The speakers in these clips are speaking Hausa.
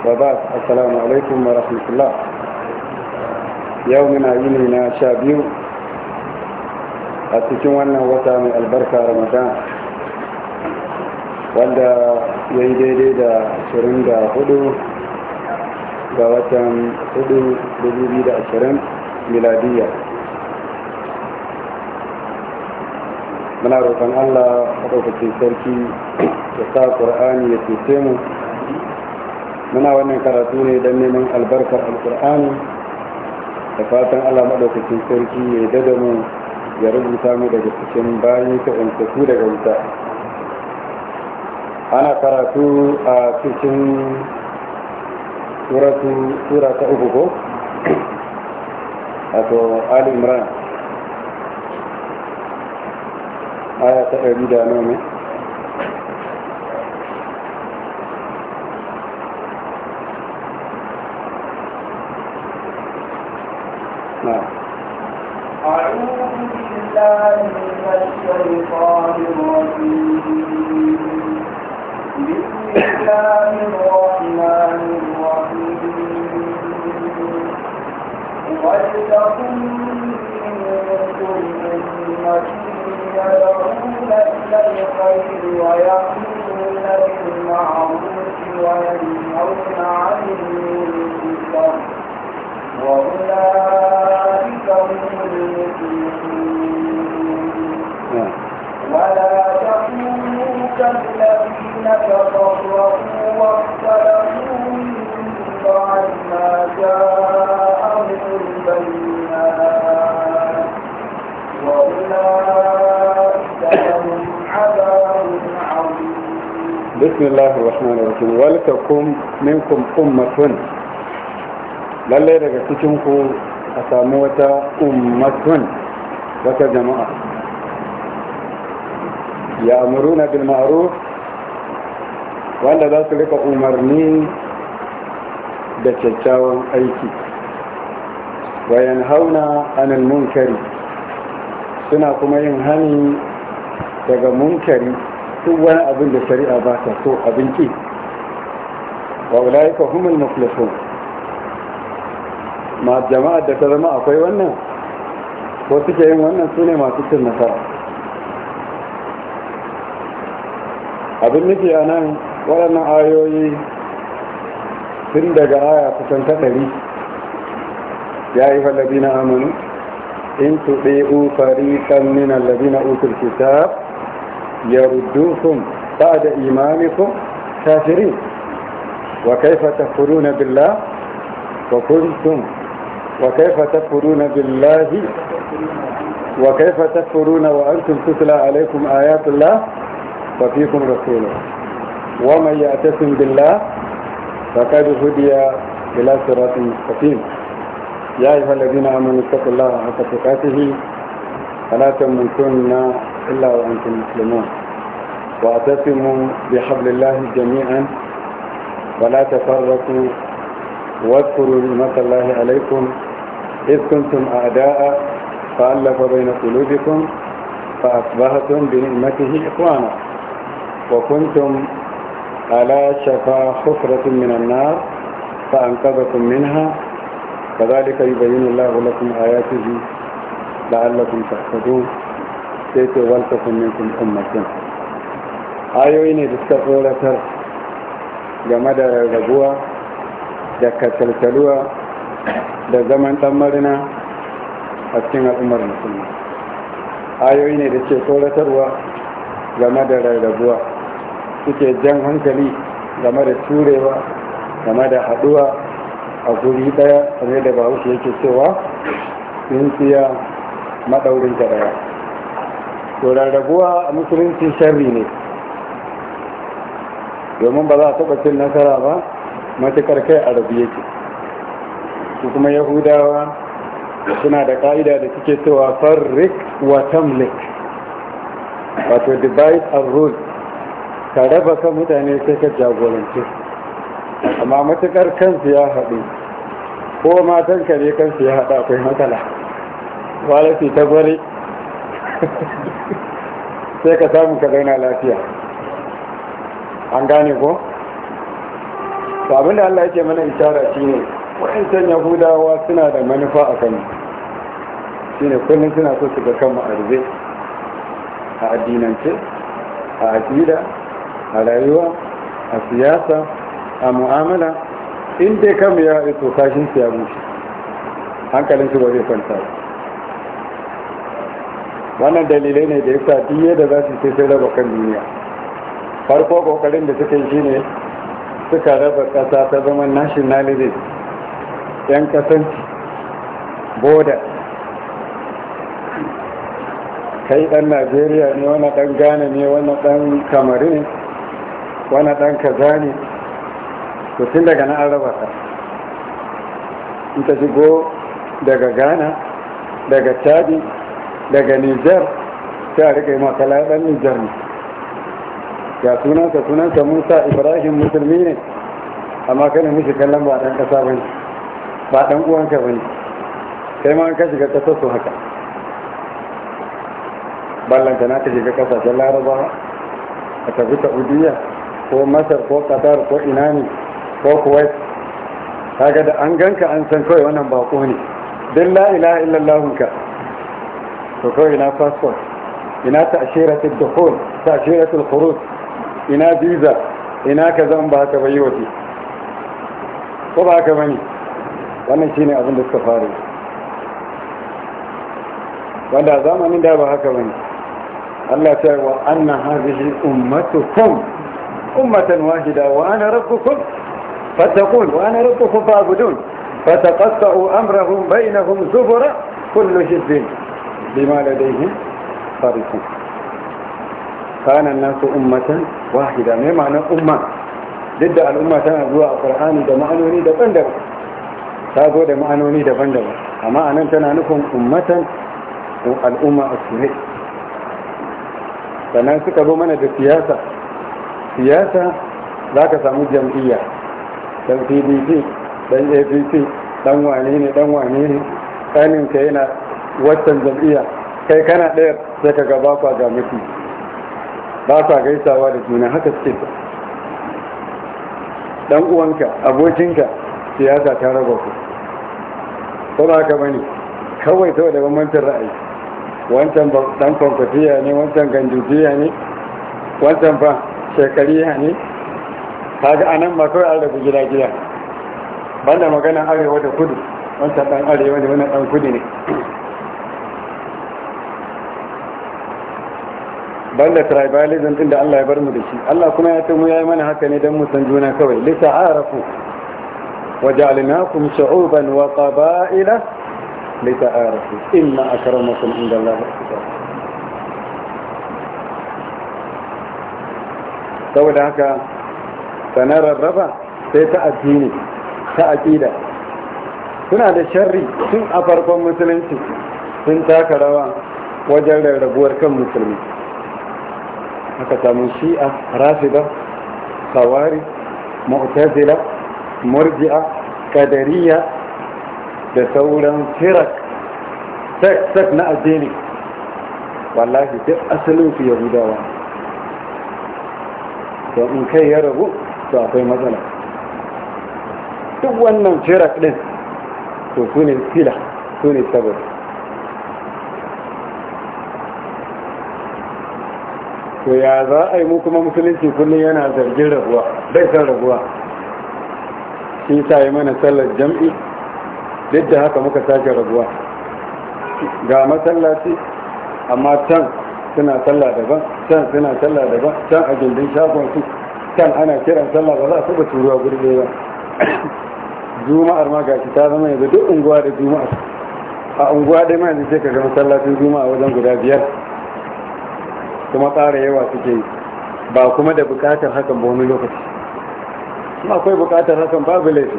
wa ba alaikum wa rahmatullah yau muna yi ne na sha biyu a cikin wannan wata mai albarka ramadana? wanda ya yi daidai da 24 ga watan 4,220 miladiya muna roƙon allah a ƙarfafin sarki ya sa ƙur'ani ya ce mu muna wannan karatu ne don neman albarkar alkur'ani da fatan allah maɗaukacin sarki ya dada mu ya rubuta mu daga cikin bayan ta ɗantaku daga wuta ana karatu a cikin tura ta uku ko wato ali imran aya ta ɗari da nome الشيطان الرجيم بسم الله الرحمن الرحيم ولتكن منكم أمة يدعون إلى الخير ويأمرون Bismillahi الله الرحمن الرحيم ولتكن منكم أمة lallai daga cikinku a samu wata ummatun wata jama'a ya amuru na wanda za su rika umarni da kyakkyawan aiki Bayan hauna anil munkari suna kuma yin hani daga munkari duk wani abin da shari'a ba ta so abinci wa ulaika humul muflihun ma jama'ar da ta zama akwai wannan ko suke yin wannan su ne masu cin nasara abin nufi a nan waɗannan ayoyi tun daga aya kusan ta ɗari ya yi fallabi na amini in tuɗe u kan nina allabi na utul kitab يردوكم بعد إيمانكم كافرين وكيف تكفرون بالله وكنتم وكيف تكفرون بالله وكيف تكفرون وأنتم تتلى عليكم آيات الله وفيكم رسوله ومن يعتصم بالله فقد هدي إلى صراط مستقيم يا أيها الذين آمنوا اتقوا الله حق تقاته فلا تموتن إلا وأنتم مسلمون واعتصموا بحبل الله جميعا ولا تفرقوا واذكروا نعمة الله عليكم إذ كنتم أعداء فألف بين قلوبكم فأصبحتم بنعمته إخوانا وكنتم على شفا حفرة من النار فأنقذكم منها كذلك يبين الله لكم آياته لعلكم تحفظون sai ce walta kunninkum ummatin ayoyi ne da suka tsoratar game da raguwa da kataltaluwa da zaman dan marina a cikin al'ummar musulman ayoyi ne da ke tsoratarwa game da rarrabuwa suke jan hankali game da turewa game da haduwa a guri daya kamar da bahaushe yake cewa sun siya maɗaurin ta to rarrabuwa a musulunci sharri ne domin ba za a taɓa cin nasara ba matukar kai a rabu yake su kuma yahudawa suna da ƙa'ida da suke cewa farrik wa tamlik wato divide and rule ka raba kan mutane sai ka jagorance amma matukar kansu ya haɗu ko matan ka ne kansu ya haɗu akwai matsala walafi ta gwari sai ka samu ka zauna lafiya an gane ko to abinda Allah yake mana ishara shine wa'ancan yahudawa suna da manufa a kan ne kullum suna so su ga kan ma'arbe a addinance a aƙida a rayuwa a siyasa a mu'amala inda dai ya iso kashin su ya bushe hankalin su ba zai kwanta ba wannan dalilai ne da yasa duk da za su sai sai raba kan duniya farko kokarin da suka yi shine suka raba kasa ta zama nationalism yan kasan boda kai dan najeriya ne wani dan ghana ne wani dan ne wani dan kaza ne to tun daga na an raba ta in ta shigo daga ghana daga chadi daga nijar sai a rika yi makala nijar ne ya sunanta sunanta musa ibrahim musulmi ne amma ne mishi kallon ba ɗan ƙasa ba ne ba ɗan uwanka ba ne sai ma ka shiga ƙasar su haka ballanta na ka shiga ƙasashen laraba a tafi saudiya ko masar ko qatar ko ina ne ko kuwait kaga da an ganka an san kawai wannan bako ne duk la ilaha illallah to kawai ina passport ina ta'ashiratul dukhul ta'ashiratul khuruj ina visa ina kaza ba haka bai yi wace ko ba haka bane wannan shine abin da suka fara wanda zamanin da ba haka bane Allah ta wa anna hadhihi ummatukum ummatan wahida wa ana rabbukum fattaqun wa ana rabbukum fa'budun فتقطعوا أمرهم بينهم زبرا كل حزب بما لديهم صارفون كان الناس أمة واحدة ما معنى أمة ضد الأمة تنا تنزوها القرآن ده معنوني ده بندر تازو ده معنوني ده بندر أما أنا تنا نكون أمة الأمة السنة sannan suka zo mana da siyasa siyasa za ka samu jam'iyya dan pdp dan apc dan wane ne dan wane ne ɗaninka yana waccan jam'iyya kai kana ɗaya sai ka gaba kwa ga mutu ba ka gaisawa da juna haka suke dan uwanka abokinka siyasa ta raba ku ko ba ka bane kawai saboda bambancin ra'ayi wancan dan kwankwatiya ne wancan gandujiya ne wancan ba shekari shekariya ne kaga anan ma kawai an rabu gida gida banda magana arewa da kudu wancan dan arewa ne wannan dan kudu ne banda tribalism din da Allah ya bar mu da shi Allah kuma ya mu yayi mana haka ne dan mu san juna kawai li ta'arafu wa ja'alnakum shu'uban wa qaba'ila li ta'arafu inna akramakum inda Allah saboda haka sanar rarraba sai ta addini ta aƙida suna da sharri tun a farkon musulunci sun taka rawa wajen rarrabuwar kan musulmi aka samu shi'a rafida kawari mu'tazila murji'a kadariya da sauran firak tek na addini wallahi duk asalin su yahudawa to in kai ya rabu to akwai matsala duk wannan firak din to su ne sila su ne to ya za a yi mu kuma musulunci kullum yana zargin rabuwa bai san rabuwa shi sa yi mana sallar jam'i duk da haka muka sake rabuwa ga masallaci amma can suna sallah daban can suna sallah daban can a gindin shagon su can ana kiran sallah ba za su ba turuwa gurbe ba juma'ar ma gashi ta zama yanzu duk unguwa da juma'a a unguwa dai ma yanzu sai ka ga masallacin juma'a wajen guda biyar kuma ƙara yawa suke yi ba kuma da bukatar hakan ba wani lokaci kuma akwai bukatar hakan babu laifi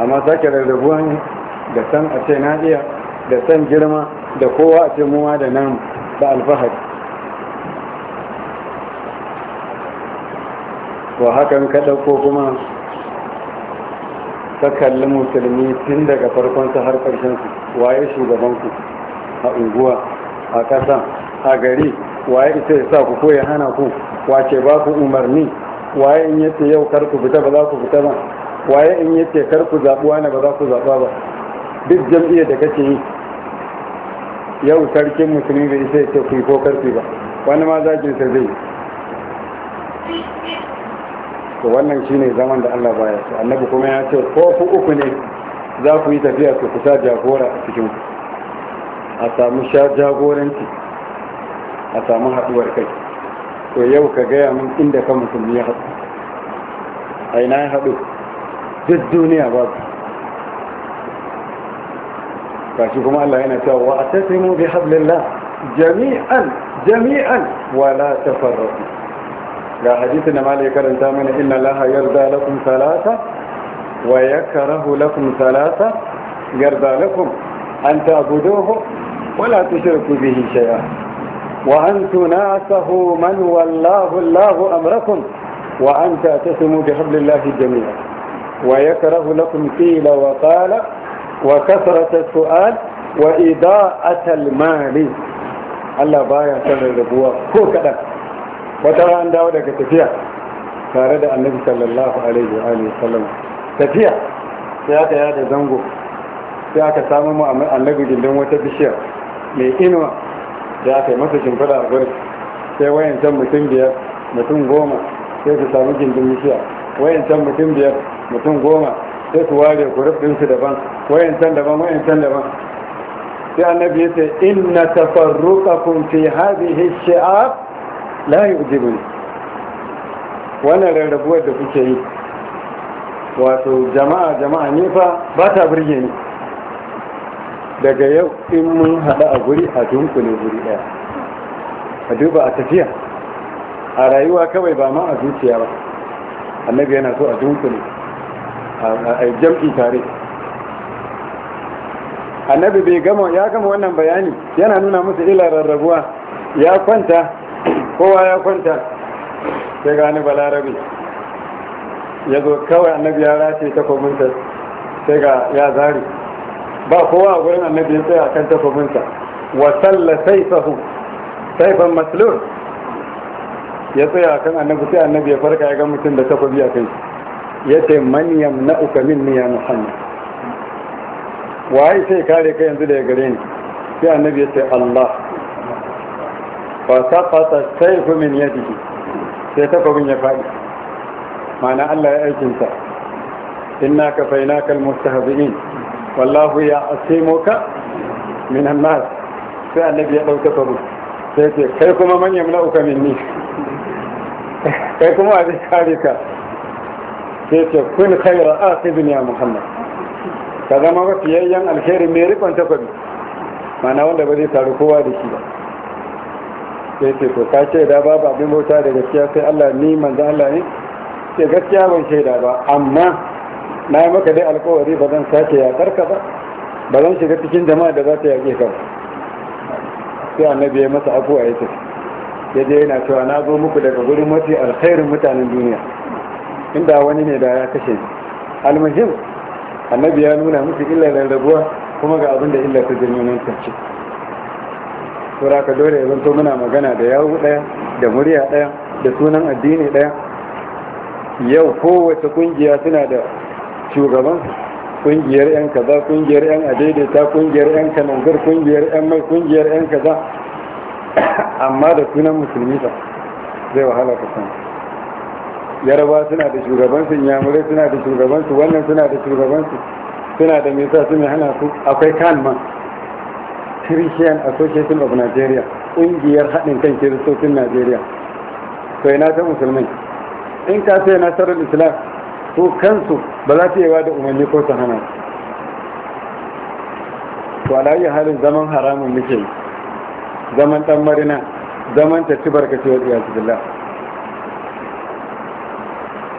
amma sake rarrabuwa ne da san a ce na da san girma da kowa a ce muwa da nan da alfahari ko hakan ka ko kuma ta kalli musulmi tun daga farkonsa har su waye shugabanku a unguwa a ƙasa a gari waye ita ya sa ku ko ya hana ku wace ba ku umarni waye in yace yau kar ku fita ba za ku fita ba waye in yace kar ku zaɓuwa wani ba za ku zaɓa ba duk jam'iyyar da kake yi yau sarkin musulmi bai isa yace ku yi ko karfi ba wani ma zakin sa zai to wannan shine zaman da Allah baya so annabi kuma ya ce ko ku uku ne za ku yi tafiya ku kusa jagora a cikin a samu sha jagoranci a samu haɗuwar kai to yau ka gaya min inda ka musulmi ya haɗu a ina ya haɗu duk duniya babu kashi kuma Allah yana cewa wa atasimu bi hablillah jami'an jami'an wa la tafarraqu ga hadisi na malai karanta mana inna laha yarda lakum salata wa yakrahu lakum salata yarda lakum an ta'buduhu wa la tushriku bihi shay'a وأن تناسه من والله الله أمركم وأن تعتصموا بحبل الله جميعا ويكره لكم قيل وقال وكثرة السؤال وإضاءة المال Allah baya son rarrabuwa ko kaɗan wata ran dawo daga tafiya tare da annabi sallallahu alaihi wa sallam tafiya sai aka yada zango sai aka samu mu annabi gindin wata bishiya mai inuwa da aka yi masa shimfiɗa a gurin sai wayan can mutum biyar mutum goma sai su samu gindin wayan can mutum biyar mutum goma sai su ware kurub ɗinsu daban wayan can daban wayan can daban sai annabi ya ce inna tafarruqakum fi hadhihi shi'ab la yu'jibuni wannan rarrabuwar da kuke yi wato jama'a jama'a ne fa ba ta burge ni daga yau in mun haɗa a guri a dunkule guri ɗaya a duba a tafiya a rayuwa kawai ba ma a zuciya ba annabi yana so a dunkule a jam'i tare annabi bai gama ya gama wannan bayani yana nuna musu ila rarrabuwa ya kwanta kowa ya kwanta sai gani balarabe ya zo kawai annabi ya race takwabinsa sai ga ya zari ba kowa a gurin annabi ya tsaya kan takwabinsa wa salla saifahu saifan maslur ya tsaya kan annabi sai annabi ya farka ya ga mutum da tafafi a kai ya ce man min ni ya muhammad waye sai kare ka yanzu daga gare ni sai annabi ya ce Allah fa saqata sayfu min yadihi sai tafafin ya fadi ma'ana Allah ya aikinsa inna kafainaka almustahzi'in wallahu ya asimuka minan nas sai annabi ya dauka sabu sai ce kai kuma man yamla'uka minni kai kuma abin kare ka sai ce kun khayra akhidun ya muhammad ka zama mafiyayyen alheri mai rikon takobi mana wanda ba zai taru kowa da shi ba sai ce to ka ce da babu abin bauta da gaskiya sai Allah ni manzo Allah ne sai gaskiya ban shaida ba amma na yi maka dai alkawari ba zan sake yaƙar ka ba ba zan shiga cikin jama'a da za ta yaƙi ka ba sai annabi ya masa abuwa ya tafi ya je yana cewa na zo muku daga gurin mafi alkhairin mutanen duniya inda wani ne da ya kashe ni almuhim annabi ya nuna musu da rabuwa kuma ga abin da illar ta janyo nan tafi Kura ka dole ya zanto muna magana da yawu daya da murya daya da sunan addini daya yau kowace kungiya suna da shugaban kungiyar yan kaza kungiyar yan adaidaita kungiyar yan kanangar kungiyar yan mai kungiyar yan kaza amma da sunan musulmi ba zai wahala ka san yaraba suna da shugabansu yamure suna da shugabansu wannan suna da shugabansu suna da mai sa su mai hana su akwai kan ma christian association of nigeria Kungiyar haɗin kan kiristocin nigeria to ina ta musulmai in ka sai nasarar islam ko kansu ba za su yi da umarni ko su hana to alayi halin zaman haramun muke yi zaman dan marina zaman ta ci ka wa tsiya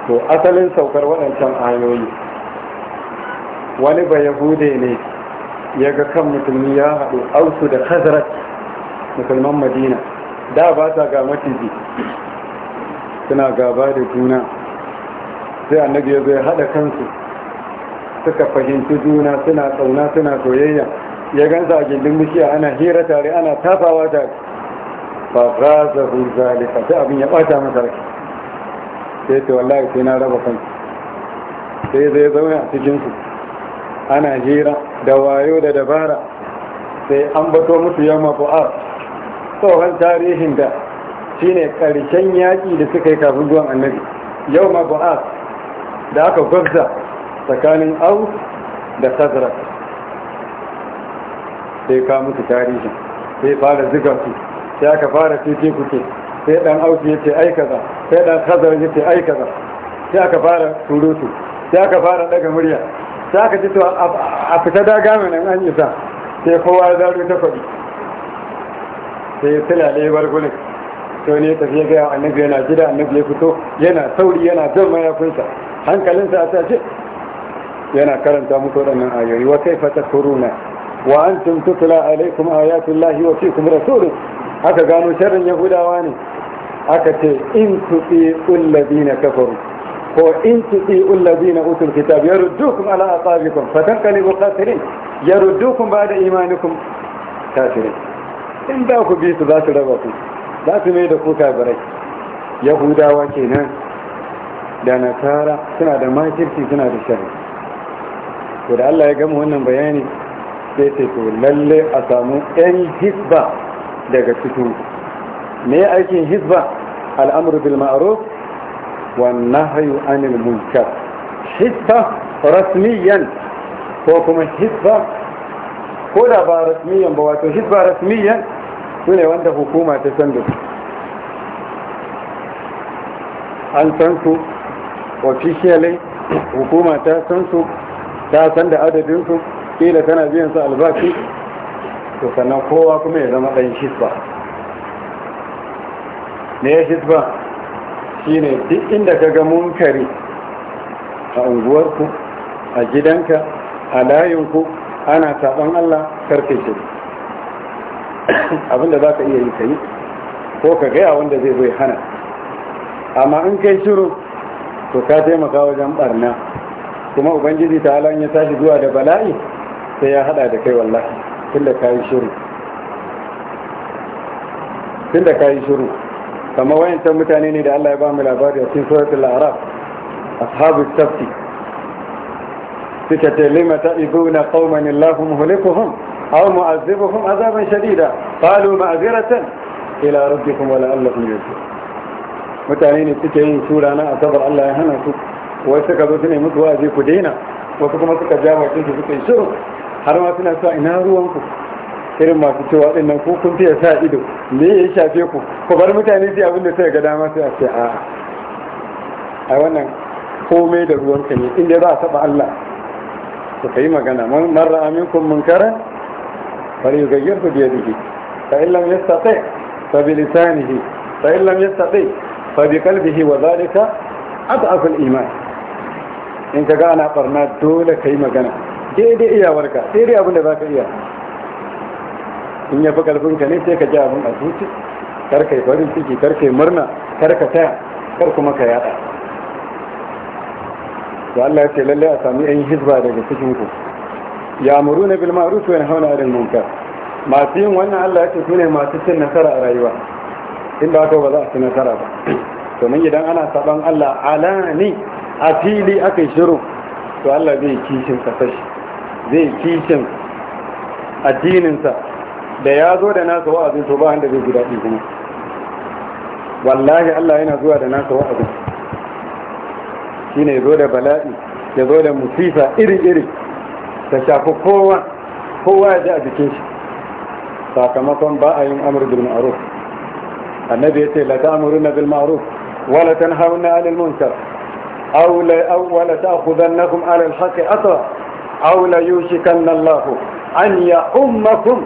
to asalin saukar waɗancan ayoyi wani ba yahude ne ya ga kan musulmi ya haɗu ausu da hazrat musulman madina da ba sa ga maciji suna gaba da juna sai annabi ya zai haɗa kansu suka fahimci juna suna tsauna suna soyayya ya gansa a gindin bishiya ana hira tare ana tafawa tare ba za su hu zalika abin ya ɓata masa rai sai ce wallahi sai na raba kansu sai zai zaune a cikinsu ana hira da wayo da dabara sai an bato musu yamma fu'ar tsohon tarihin da shine karshen yaƙi da suka yi kafin zuwan annabi yau ma ba'as da aka gwabza tsakanin au da tazara sai ka mutu tarihi sai fara ziga su sai aka fara fiti kuke sai dan au ya ce aikaza sai dan tazara ya ce ai kaza sai aka fara turutu sai aka fara daga murya sai aka ci tuwa a fita daga mai an isa sai kowa ya zaru ta kwadi sai ya tilale bar gulin sai wani ya tafi ya gaya annabi yana gida annabi ya fito yana sauri yana jan mayafinsa hankalinsa a sace yana karanta muku waɗannan ayoyi wa kai fata kuruna wa an tun tutula alaikum ayatullahi wa fi fikum rasulun aka gano sharrin yahudawa ne aka ce in tuti na kafaru ko in tuti ulladina utul kitab yaruddukum ala a asabikum fatanqalibu khasirin yaruddukum ba'da imanikum kafirin in da ku bi su za su raba ku za su mai da ku kafirai yahudawa kenan da nasara suna da makirci suna da shari. Ko da Allah ya gama wannan bayani sai ce to lalle a samu yan hisba daga cikin me aikin hisba al'amru bil ma'ruf wan nahyu anil munkar hisba rasmiyan ko kuma hisba ko da ba rasmiyan ba wato hisba rasmiyan su ne wanda hukuma ta san da su an san su officially hukuma ta san su ta san da adadin su kila tana biyan su albashi to sannan kowa kuma ya zama ɗan shisba ne ya shisba shi ne duk inda ka ga munkari a unguwarku a gidanka a layinku ana saɓon allah karfe shirin abinda za ka iya yi ka yi ko ka gaya wanda zai zai hana amma in kai shiru to ka taimaka wajen barna kuma ubangiji ta halayen ya tashi zuwa da bala'i sai ya hada da kai wallahi tun da shiru ka yi shiru kamar wayancan mutane ne da Allah ya ba mu labari a cikin suratul araf ashabu tafsir suka ce lima ta'ibuna qauman Allahu muhlikuhum أو معذبهم عذابا شديدا قالوا معذرة إلى ربكم ولا يرجعون mutane ne suke yin su rana a sabar Allah ya hana su wai suka zo mutuwa a ku daina wasu kuma suka ja su yi shiru har ma suna sa ina ruwan irin masu cewa din nan ko kun fiye sa ido me ya shafe ku ku bar mutane sai da suka ga dama sai a ce a a wannan komai da ruwan ka inda za a saba Allah ku kai magana man ra'a minkum فليغيره بيده فإن لم يستطع فبلسانه فإن لم يستطع فبقلبه وذلك أضعف الإيمان إن كان قرنا دولة كيما كان دي دي إيا وركا دي دي أبن ذاك إيا in ya fi ƙarfinka ne sai ka ji abin a zuci karka yi farin ciki karka yi murna karka taya kar kuma ka yaɗa, da Allah ya a sami 'yan hizba daga cikinku. Yamuru ya'muruna bil ma'ruf wa yanhauna 'anil munkar masu yin wannan Allah ya ce sune masu cin nasara a rayuwa in ba haka ba za a ci nasara ba domin idan ana saban Allah alani a fili aka shiru to Allah zai kishin kasashi zai kishin addininsa da ya zo da nasa wa'azin to ba wanda zai ji daɗi kuma wallahi Allah yana zuwa da nasa wa'azin shine zo da bala'i ya zo da musifa iri-iri ta shafi kowa kowa ya ji a jikin shi sakamakon ba a yin amur bil ma'ruf annabi ya ce la ta'muruna bil ma'ruf wa la tanhauna 'anil munkar aw la aw wa la ta'khudannakum 'ala al haqqi atra aw la yushikanna Allah an ya'ummakum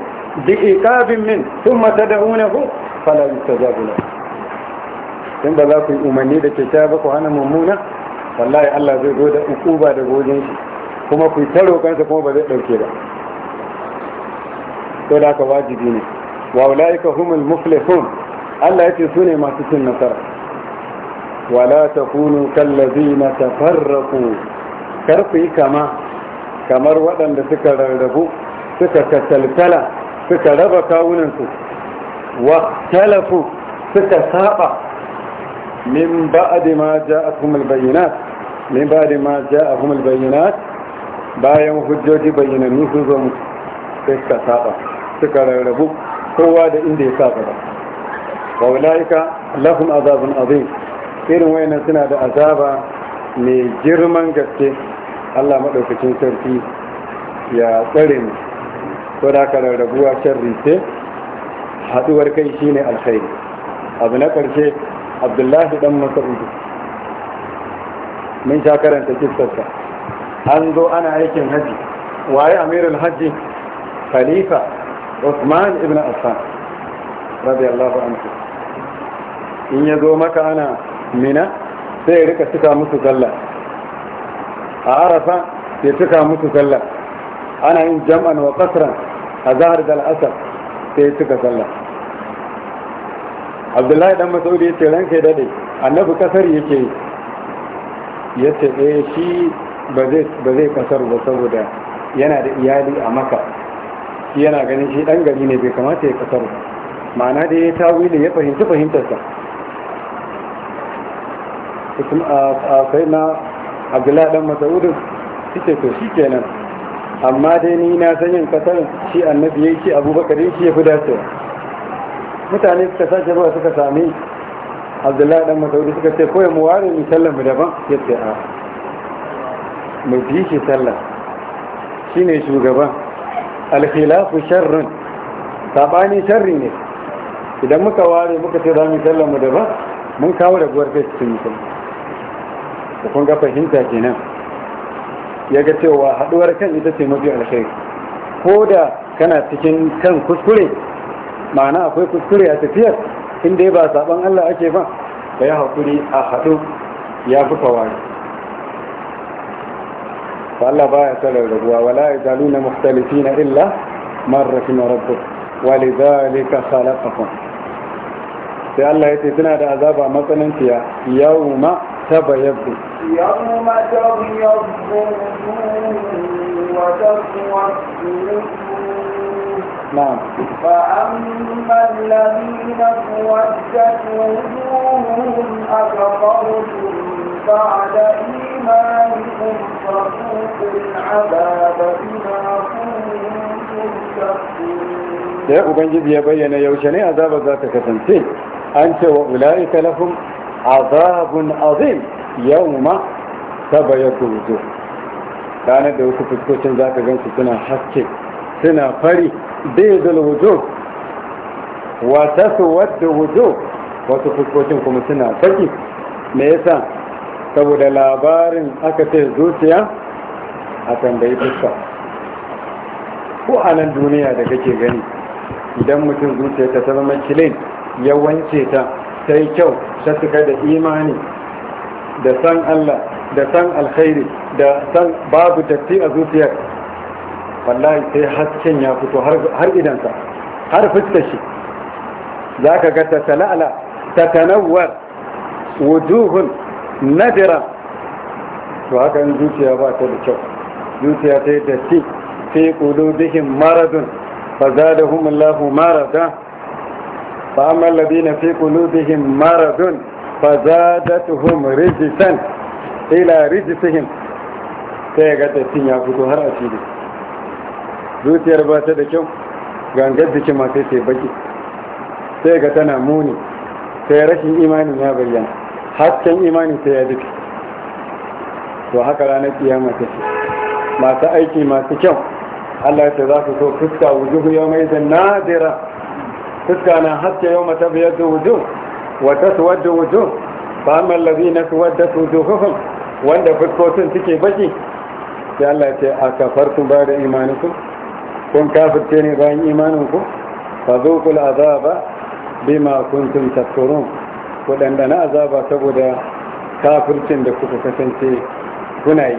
bi iqabin min thumma tad'unahu fala yustajabu lakum in ba za ku yi umarni da kyakkyawa ba ku hana mummuna wallahi Allah zai zo da ukuba da gojin shi kuma ku ta roƙonsa kuma ba zai ɗauke ba to da aka wajibi ne wa ulaika humul muflihun Allah yace su ne masu cin nasara wala takunu kallazina tafarraqu kar ku yi kama kamar waɗanda suka rarrabu suka kataltala suka raba kawunansu wa talafu suka saba min ba'di ma ja'akum al-bayyinat min ba'di ma ja'akum al-bayyinat bayan hujjoji bayyana, sun zo musu sai suka saba suka rarrabu kowa da inda ya saba ba wa wula'ika lafin azabin azim irin wayanan suna da azaba mai girman gaske Allah maɗaukacin sarki ya tsare mu ko da ka rarrabuwa sharri ce haɗuwar kai shine alkhairi abu na ƙarshe Abdullahi dan Mas'ud mun sha karanta kissarsa an zo ana aikin haji waye amirul haji khalifa Usman ibn Affan radiyallahu anhu in ya zo maka ana mina sai ya rika cika musu sallah a arafa ya cika musu sallah ana yin jam'an wa kasran a zahar da al'asar sai ya cika sallah abdullahi dan masaudi ya ce ranka dade annabi kasar yake yace ya ce eh shi ba zai kasar ba saboda yana da iyali a maka yana ganin shi dan gari ne bai kamata ya kasar ba ma'ana da ya tawili ya fahimci fahimtarsa sai na abdullahi dan masaudin suke to shi kenan amma dai ni na san yin kasar shi annabi ya ce abubakar shi ya fi dacewa mutane suka sace ruwa suka sami abdullahi dan masaudin suka ce ko mu muware ni sallan mu daban ya ce a mai fi shi sallah shi ne shugaban alkhilafu sharrin saɓani sharri ne idan muka ware muka ce za mu sallah mu daban mun kawo da raguwar kai cikin musulmi da kun ga fahimta kenan ya ga cewa haɗuwar kan ita ce mafi alkhairi ko da kana cikin kan kuskure ma'ana akwai kuskure a tafiyar inda ba saban Allah ake ba ka ya haƙuri a haɗu ya fi kawai فالله بقى يتلعب لك ولا يزالون مختلفين إلا مرة من ربك ولذلك خلقكم في الله يتتنا هذا عذاب مثلا فيها يوم تبا يبدو يوم تبيض وتبيض نعم فأما الذين توجت وجوههم أكفرتم بعد إيمانكم فقوق العذاب بما كنتم تكفرون يا أبنجد يا بينا يوشني عذاب ذاتك تنسي أنت وأولئك لهم عذاب عظيم يوم تبيض وجوه كان da wasu fuskocin za ka gan su suna haske suna fari daidal wujo wata su wadda wujo wasu fuskocin kuma suna saki me yasa saboda labarin aka ce zuciya a tambayi fuska ko a nan duniya da kake gani idan mutum zuciya ta zama kilin ya ta ta kyau ta suka da imani da san Allah da san alkhairi da san babu datti a zuciyar wallahi sai hasken ya fito har idansa har fuskar shi za ka ga ta ta tanawar wujuhun nadira to haka yin zuciya ba ta da kyau zuciya ta yi datti fi qulubihim maradun fazadahum Allahu marada ba amma na fi qulubihim maradun fazadatuhum rijsan ila ta sai gata cin ya fito har a fili zuciyar ba ta da kyau gangar jikin ma sai sai baki sai ga tana muni sai rashin imanin ya bayyana hasken imaninsa ya duka to haka ranar kiyama ta ce masu aiki masu kyau Allah ta za su so fuska wujuhu yau mai zan nadira fuska na haske yau mata biyar da wujuhu wata su wadda wujuhu ba mallabi na su wadda su wujuhuhun wanda fuskotin suke baki sai Allah ce a kafartun ba da imaninku kun kafirce ne bayan imaninku Ba fa zuqul ba, bima kuntum tafkurun waɗanda na azaba saboda kafircin da kuka kasance kuna yi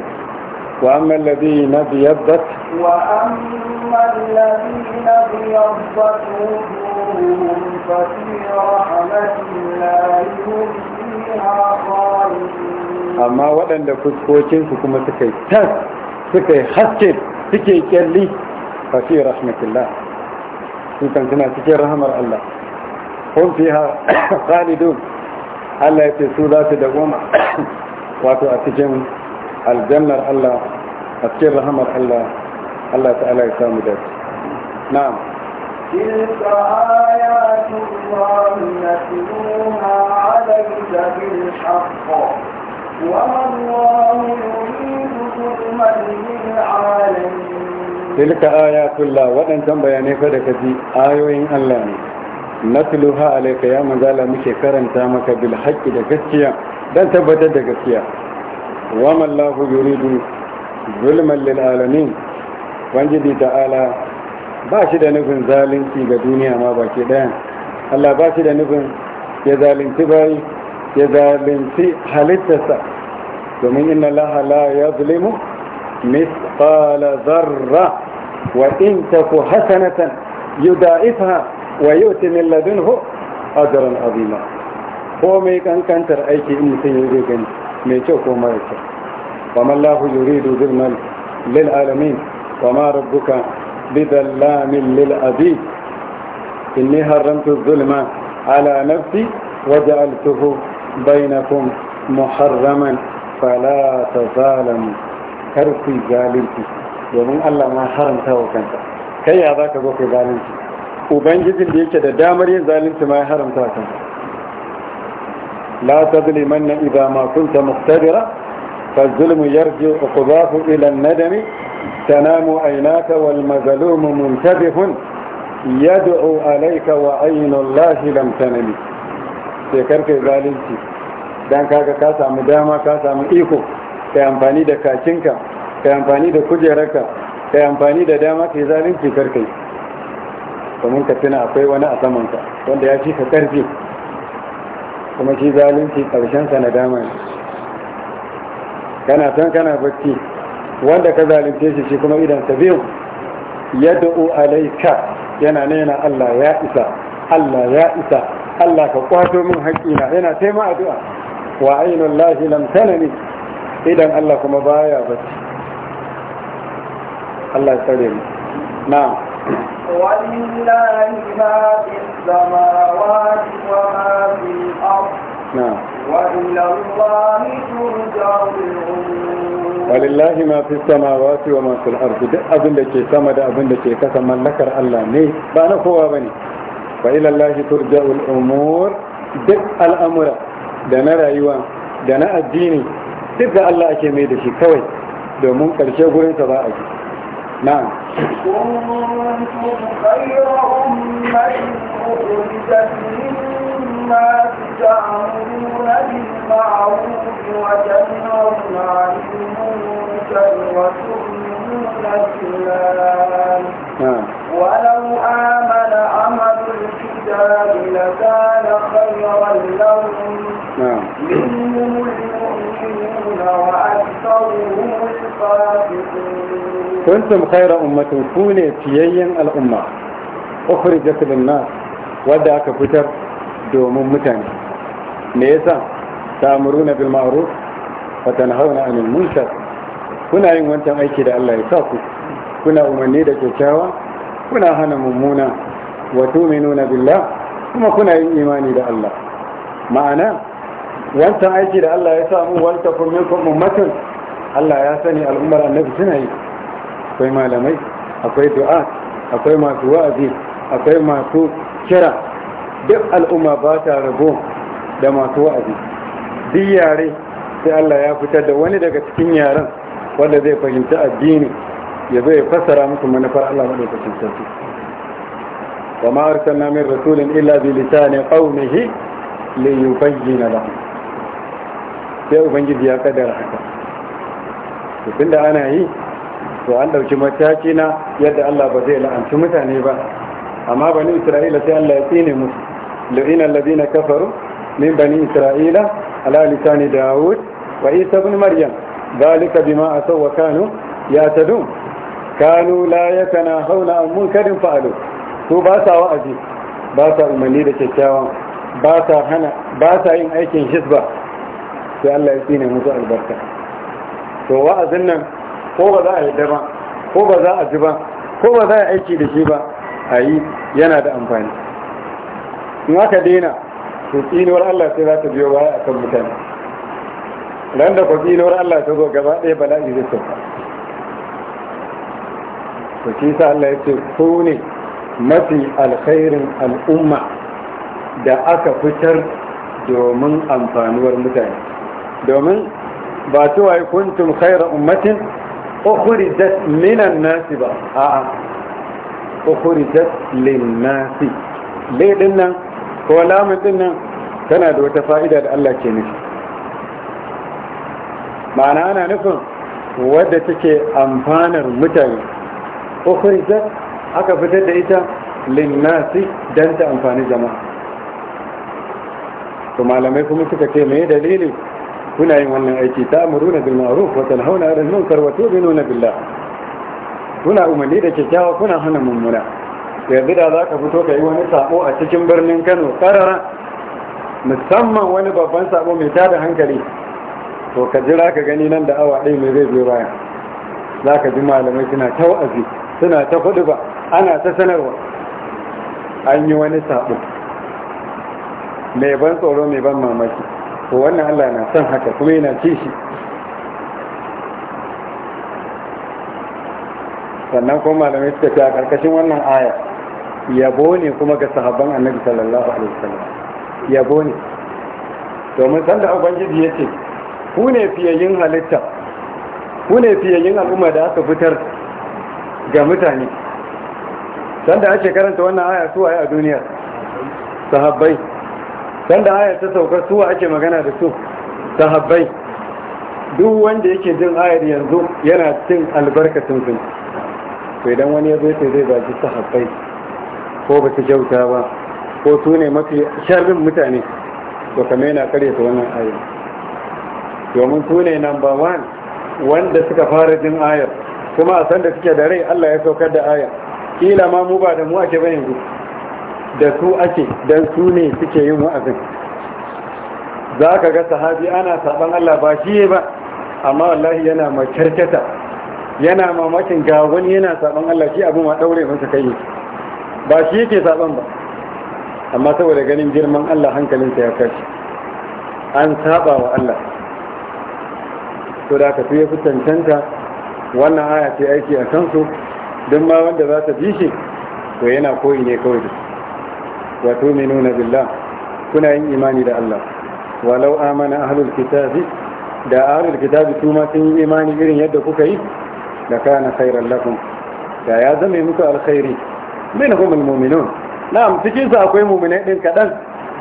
وأما الذين ابيضت وأما الذين ابيضت وجوههم ففي رحمة الله هم فيها خالدون أما ولن تفكوكين فكما سكي تس سكي حسكي سكي كلي ففي رحمة الله إن كان سنة سكي رحمة الله هم فيها خالدون Allah ya ce su za su da goma wato a cikin aljannar Allah a cikin rahamar Allah Allah ta Allah ya samu da su na'am tilka ayatu Allah natuha 'ala al-haqq wa man wa'idu min 'alamin tilka ayatu Allah wadannan bayanai fa da kaji ayoyin Allah ne nasluha alayka ya manzala muke karanta maka bil haqqi da gaskiya dan tabbatar da gaskiya wa man lahu yuridu zulman lil alamin wanjidi ta'ala ba shi da nufin zalunci ga duniya ma baki daya Allah ba shi da nufin ya zalunci bayi ya zalunci halittarsa domin inna laha la yazlimu mithqala dharra wa in taku hasanatan yuda'ifha wa ce min a ajran abima ko mai kankantar aiki in mutum yin zai gani mai kyau ko mara kyau wa man yuri yuridu zulman lil alamin wa ma rabbuka bidallamin lil abid inni haramtu zulma ala nafsi وجعلته muharraman fala فلا تظالموا كركي ظالمتي domin Allah ma haramta wa kanta kai ya zaka zo kai zalunci ubangijin da yake da damar yin zalunci ma ya haramta kan la na idza ma kunta muqtadira fa zulmu yarji uqbahu ila an-nadami tanamu aynaka wal mazlum muntabih yad'u alayka wa aynu allahi lam tanami sai karka zalunci dan kaga ka samu dama ka samu iko kai amfani da kacinka kai amfani da kujerarka kai amfani da dama kai zalunci karkai domin ka tuna akwai wani a samanka wanda ya fi ka karfi kuma shi zalunci karshen sa na dama ne kana san kana bacci wanda ka zalunce shi shi kuma idan sa biyu yad'u alaika. yana nena Allah ya isa Allah ya isa Allah ka kwato min haƙƙina yana ma addu'a wa ainul Allah lam sanani idan Allah kuma baya bacci Allah ya tsare mu na'am ولله ما في السماوات وما في الأرض وإلى الله ترجع ولله ما في السماوات وما في الأرض duk abin da ke sama da abin da ke kasa mallakar Allah ne ba na kowa ba ne wa ilallahi turja'ul umur duk al'amura da na rayuwa da na addini duk da Allah ake mai da shi kawai domin ƙarshe gurinsa za a ji na'am كنتم خير أمة أخرجت للناس تعملون بالمعروف وتنهون عن المنكر وتؤمنون بالله ولو آمن أهل الكتاب لكان خيرا لهم منهم المؤمنون وأكثرهم الفاسقون kuntum khaira ummatin ku ne fiyayyen al'umma ukhrijat lin-nas wadda aka fitar domin mutane me yasa ta'muruna bil ma'ruf wa tanhauna 'anil munkar kuna yin wancan aiki da Allah ya sa ku kuna umarni da kyakkyawa kuna hana mummuna wa tu'minuna billah kuma kuna yin imani da Allah ma'ana wancan aiki da Allah ya sa mu wanta kun minkum ummatin Allah ya sani al'ummar annabi suna yi akwai malamai akwai du'a akwai masu wa'azi akwai masu kira duk al'umma ba ta rabo da masu wa'azi duk yare sai Allah ya fitar da wani daga cikin yaren wanda zai fahimci addini ya zo ya fassara musu manufar Allah madaukakin sarki wa ma arsalna min rasulin illa bi lisani qawmihi li yubayyana lahum sai ubangiji ya kaddara haka tunda ana yi to an ɗauki mataki na yadda Allah ba zai la'anci mutane ba amma bani isra'ila sai Allah ya tsine musu la'ina alladhina kafaru min bani isra'ila ala lisani daud wa isa ibn maryam zalika bima asaw wa kanu yatadun kanu la hauna an munkarin fa'alu to ba sa wa'azi ba sa umarni da kyakkyawan ba sa hana ba sa yin aikin hisba sai Allah ya tsine musu albarka to wa'azin nan ko ba za a yi ba ko ba za a ji ba ko ba za a aiki da shi ba a yi yana da amfani in aka daina to tsinuwar Allah sai za ta biyo baya akan mutane ran da ku tsinuwar Allah ta zo gaba ɗaya bala'i zai sauka to shi sa Allah ya ce ku ne mafi alkhairin al'umma da aka fitar domin amfanuwar mutane domin ba cewa kuntum khaira ummatin ukhrijat minan nasi ba a'a ukhrijat lin nasi dai din ko lamun din tana da wata fa'ida da Allah ke nufi ma'ana ana nufin wadda take amfanar mutane ukhrijat aka fitar da ita lin dan ta amfani jama'a to malamai kuma kika kai me dalili kuna yin wannan aiki ta bil ma'ruf wa tanhauna 'anil munkar wa tu'minuna billah kuna umarni da kyakkyawa kuna hana mummuna yanzu da za ka fito ka yi wani sabo a cikin birnin Kano karara musamman wani babban sabo mai tada hankali to ka jira ka gani nan da awa ɗaya mai zai biyo baya za ka ji malamai suna ta wa'azi suna ta kudu ba ana ta sanarwa an yi wani sabo mai ban tsoro mai ban mamaki to wannan Allah na son haka kuma yana ce shi sannan kuma malamai suka ce a karkashin wannan aya yabo ne kuma ga sahabban annabi sallallahu alaihi wasallam yabo ne domin sanda ubangiji ya ce ku ne fiyayyin halitta ku ne fiyayyin al'umma da aka fitar ga mutane sanda ake karanta wannan aya su a duniya sahabbai sanda ayar ta sauka suwa ake magana da su sahabbai duk wanda yake jin ayar yanzu yana cin albarkacin su to idan wani ya zo ce zai baki sahabbai ko ba su kyauta ba ko su ne mafi sharrin mutane to kame yana ta wannan ayar domin su ne number one wanda suka fara jin ayar kuma a sanda suke da rai Allah ya saukar da ayar kila ma mu ba da mu ake bayan gudu da su ake don su ne suke yin wa'azin za ka ga sahabi ana saban Allah ba shi ba amma wallahi yana makyarkyata yana mamakin ga wani yana saban Allah shi abin ma daure masa kai ba shi yake saban ba amma saboda ganin girman Allah hankalinsa ya kashi an saba wa Allah to da ka fiye fitantanta wannan aya ce aiki a kansu don ma wanda za ta bi shi to yana koyi ne kawai da su wa tu'minuna billah kuna yin imani da Allah walau amana ahlul kitabi da ahlul kitabi su ma sun yi imani irin yadda kuka yi da kana khairan lakum da ya zame muku alkhairi minhum almu'minun na'am cikin su akwai mu'minai din kadan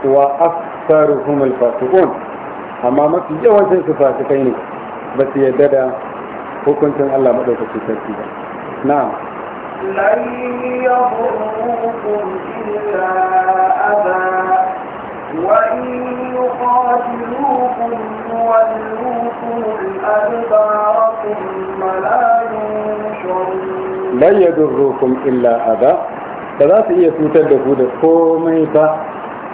wa aktharuhum alfasiqun amma mafi yawancin su fasikai ne ba su yadda da hukuncin Allah madaukakin sarki ba na'am لن يضروكم إلا أذى وإن يقاتلوكم يولوكم الأدبار ثم لا ينشرون لن يضروكم إلا أذى ba za su iya cutar da ku da komai ba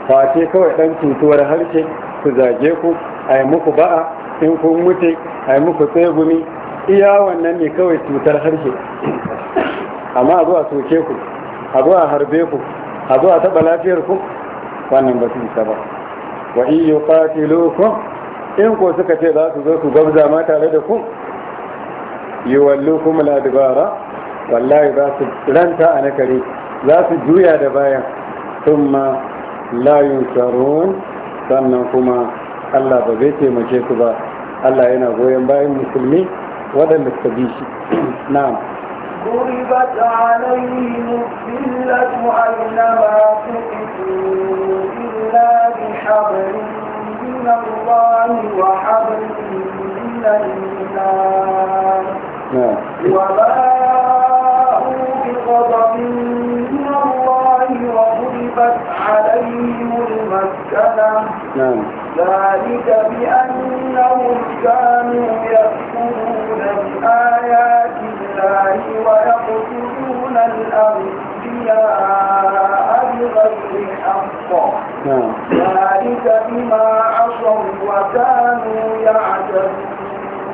face kawai dan cutuwar harshe ku zage ku a yi muku ba'a in kun mutu a yi muku tsegumi iya wannan ne kawai cutar harshe amma a zo a soke ku a zo a harbe ku a zo a taɓa lafiyar ku wannan ba su isa ba wa in yi in ko suka ce za su zo su gabza ma tare da ku yi wallo kuma ladubara wallahi za su ranta a nakare za su juya da bayan ma layin tsaron, sannan kuma Allah ba zai taimake su ba Allah yana goyon bayan musulmi waɗanda su bi shi na'am ضربت عليهم الذلة أينما تقفوا إلا بحبل من الله وحبل من الناس نعم. وباءوا بغضب من الله وضربت عليهم المسكنة نعم. ذلك بأنهم كانوا يكفرون بآيات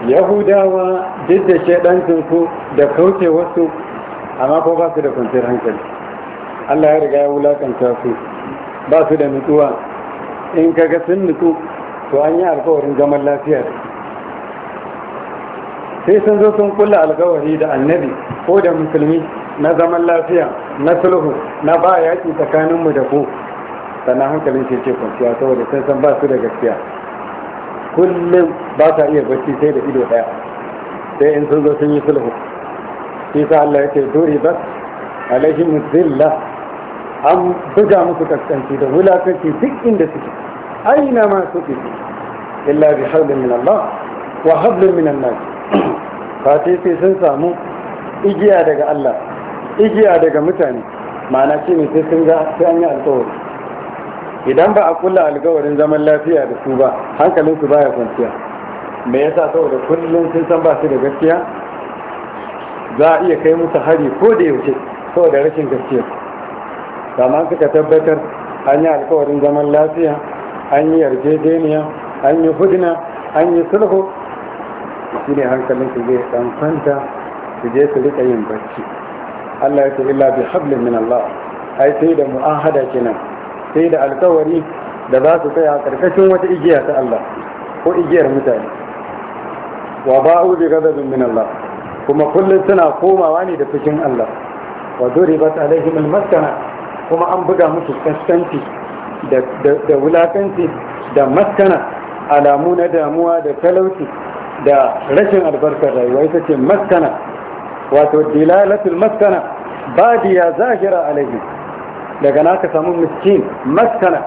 Yahudawa duk da shaɗancinsu da kauce wasu amma ko ba su da kwanciyar hankali Allah ya riga ya wulaƙanta su ba su da nutsuwa in kaga sun nutsu to an yi alkawarin zaman lafiyar. sai sun zo sun kulla alkawari da annabi ko da musulmi na zaman lafiya na sulhu na ba yaƙi tsakaninmu da ku sannan hankalin shi ce kwanciya saboda sun san ba su da gaskiya kullum ba ta iya bacci sai da ido ɗaya sai in sun zo sun yi sulhu shi sa Allah ya ce duri bas alaihim zilla an buga musu kaskanci da wulakanci duk inda suke aina ma suke illa bi hablin min Allah wa hablin min annas katifi sun samu igiya daga Allah igiya daga mutane ma'ana shi ne sai sun ga sai an yi alkawari idan ba a kulla alkawarin zaman lafiya da su ba hankalinsu baya kwanciya me yasa saboda kullum sun san ba su da gaskiya za a iya kai musu hari ko da yaushe saboda rashin gaskiya kama suka tabbatar an yi alkawarin zaman lafiya an yi yarjejeniya an yi hudna an yi sulhu shi ne hankalin su zai dan su je su rika yin bacci Allah ya ce illa bi hablin min Allah ai sai da mu'ahada kenan sai da alkawari da za su tsaya a ƙarƙashin wata igiya ta Allah ko igiyar mutane wa ba ba'u bi ghadabin min Allah kuma kullum suna komawa ne da fushin Allah wa ba duribat min almaskana kuma an buga musu kaskanci da wulakanci da maskana alamu na damuwa da talauci da rashin albarkar rayuwa ita ce maskana wato dilalatul maskana badiya zahira alaihi daga naka samu miskin maskana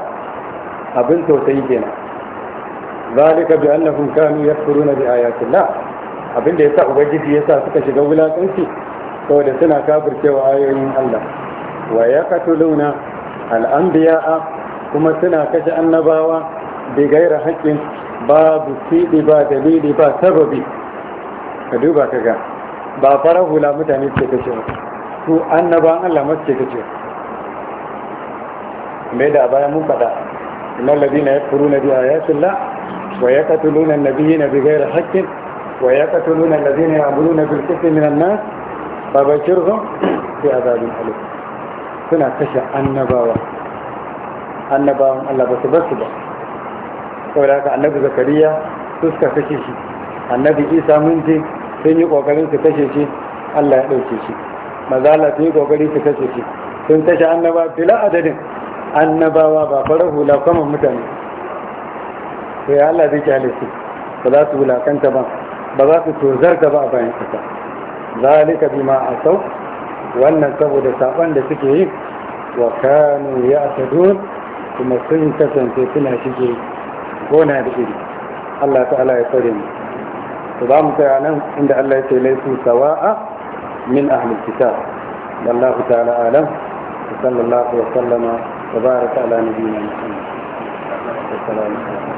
abin tausayi kenan zalika bi annahum kanu yakfuruna bi ayatillah abin da yasa ubangiji yasa suka shiga wulakanci saboda suna kafircewa ayoyin Allah wa yaqtuluna al-anbiya'a kuma suna kashe annabawa bi gaira haƙƙin babu fiɗi ba dalili ba sababi ka duba ka ga ba farar hula mutane ce ta ce su annaban Allah masu ce ta ce mai da baya mun faɗa inna na biya bi ayatillah wa yaqtuluna an-nabiyina bighayri haqqin wa yaqtuluna alladhina ya'muruna bil kufri min an-nas sai bi adhabin alim suna kashe annabawa annabawan Allah ba su ba su ba saboda haka annabi zakariya su suka kashe shi annabi isa mun sun yi kokarin su kashe shi allah ya ɗauke shi mazala sun yi kokarin su kashe shi sun kashe annaba fila adadin annabawa ba farar hula kuma mutane to ya allah zai kyale su ba za su wulakanta ba ba za su tozarta ba a bayan kasa zalika a sau, wannan saboda saban da suke yi wa kanu ya kuma sun kasance suna shige ko na da iri Allah ta'ala ya tsare mu to ba mu tsaya nan inda Allah ya ce laisu sawa'a min ahlul kitab والله تعالى اعلم وصلى الله وسلم وبارك على نبينا محمد والسلام عليكم